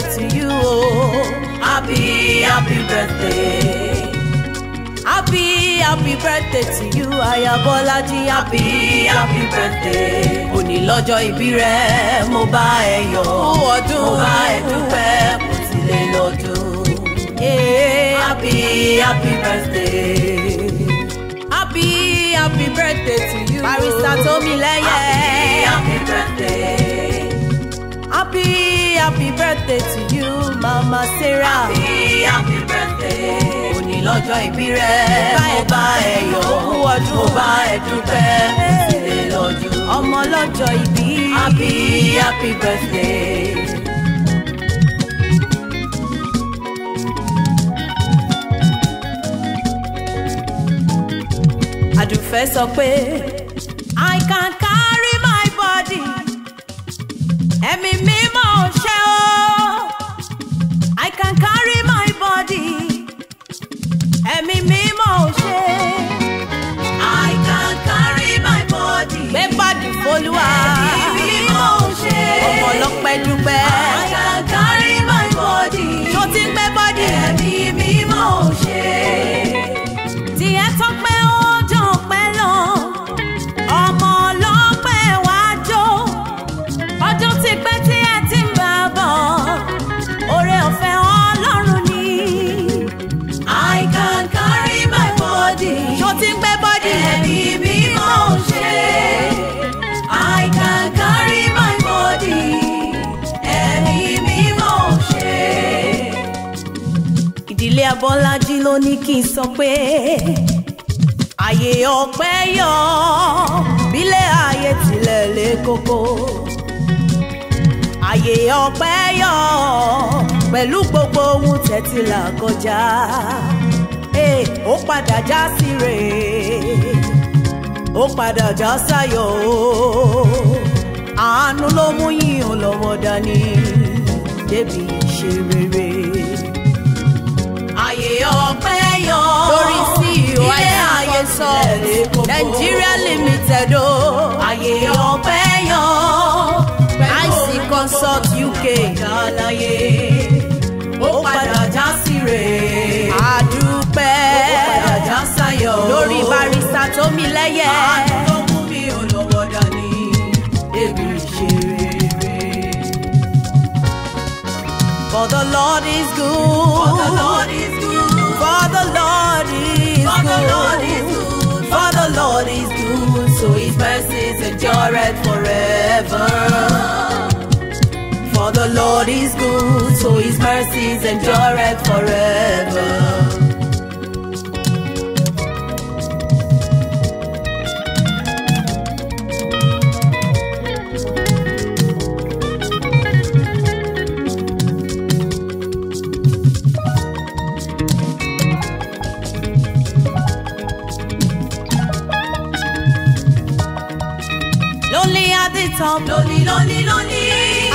birthday to you. Oh, happy, happy birthday. Happy, happy birthday to you, Aya Bọ́lájí. Happy, happy birthday. Òní lọ́jọ́ ìbí rẹ, mo bá ẹ yọ̀. Kú ọdún, mo bá ẹ dúpẹ́, mo ti lè lọ́dún. Yeah. Happy, happy birthday. Happy, happy birthday to you. Barrister Tomiléyé. Happy, happy birthday. Sarah. Happy happy birthday. Òní lọ́jọ́ ìbí rẹ̀. Mo bá ẹ yọ̀. Kú ọdún. Mo bá ẹ dúpẹ́. Sílẹ̀ lọ́jọ́. Ọmọ lọ́jọ́ ìbí. Happy happy birthday. Àdùfẹ́ sọ pé I can carry my body ẹ̀mí mímọ́. ọmọlọpẹ dúpẹ́. I can carry my body. tó ti ń pẹ́ bọ́dì. ẹ̀mí mi mò ń ṣe. Yeye Bọ́lájí ló ní kí n sọ pé àyè ọpẹ́ yọ bílẹ̀ ayé tilẹ̀ lé koko àyè ọpẹ́ yọ pẹ̀lú gbogbo ohun tẹ́tí là kọjá ó padà já sí rè ó padà já sáyọ̀ àánú ló mú yín lọ́wọ́ dání débi ṣe rere. Nigeria limited o. àyè ọ̀fẹ́ yan. IC Consult UK. ìdálayé ó padà já síre. àdúpẹ́ ó padà já sáyọ̀. lórí barista tó mi lẹ́yẹ. For the Lord is good. For the Lord is good. mercies endureth forever. For the Lord is good, so his mercies endureth forever. top. Lonely, lonely, lonely.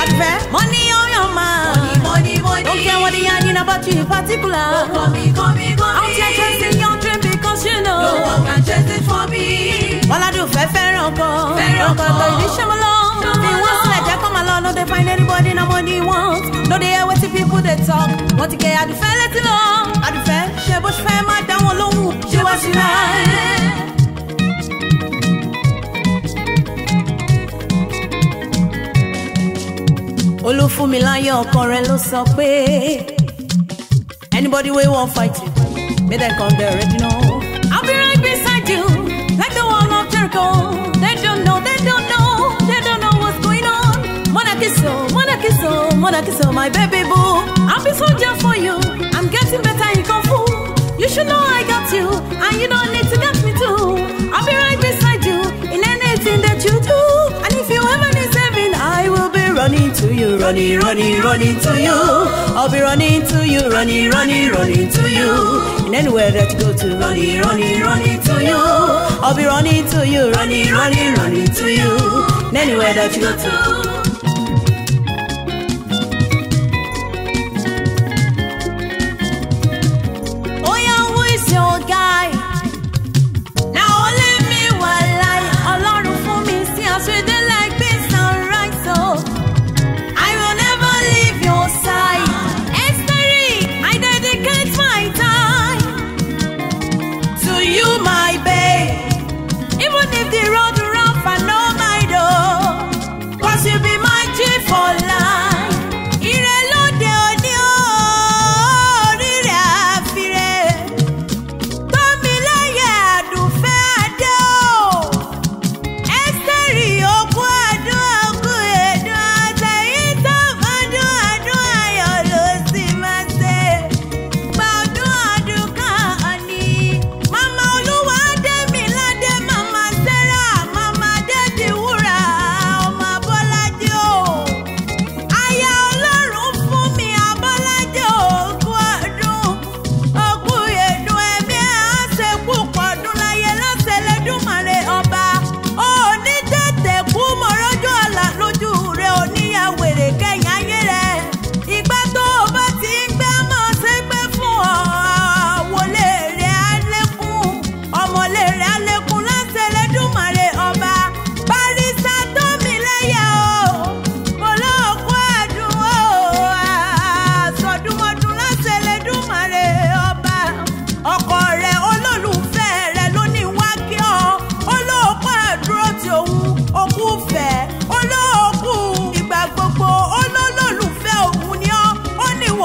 Advert. Money on your mind. Money, money, money. Don't care what the yarning about you in particular. Oh, come me, come me, come me. Out here chasing your dream because you know. No one can chase it for me. All I do fair fair kọ. Fẹ́ràn kọ. Ọkọ ìlú Ṣọmọlọ. Ṣọmọlọ. Bí wọ́n sílẹ̀ jẹ́ kọ́ máa no they find anybody na money wants. No they hear what the people they talk. Want to Wọ́n ti kẹ́ Adùfẹ́ létí lọ. Adùfẹ́ ṣe bó ṣe fẹ́ máa dáwọn lóhùn. Ṣé she was rẹ̀? olúfúnmiláyọ̀ ọkọ rẹ̀ ló sọ pé anybody wey wan fight you make dem come there you know. I'll be right beside you like the wall of Jericho. They don't know, they don't know, they don't know what's going on. Monarchy so, monarchy so, monarchy so, my baby boo. I'll be soldier for you. I'm getting better in kung fu. You should know I got you, and you don't need to get me too. I'll be right. you, running, running, running to you. I'll be running to you, running, running, running to you. And anywhere that you go to, running, running, running to you. I'll be running to you, running, running, running to you. And anywhere that you go to.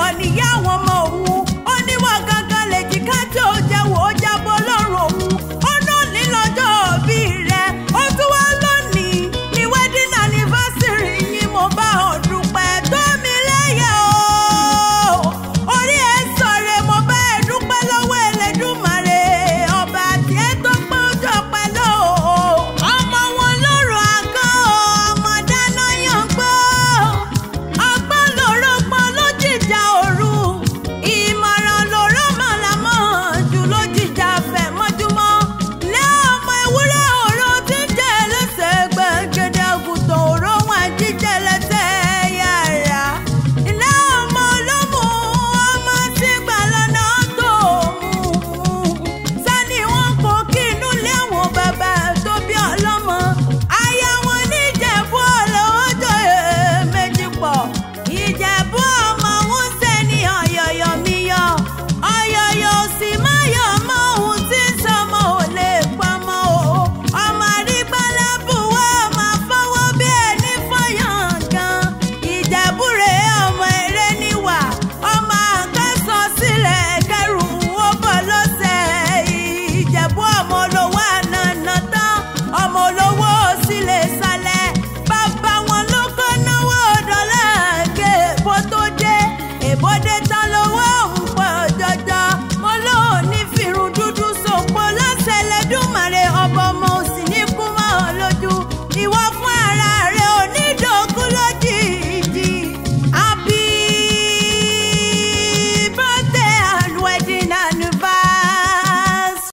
Money out.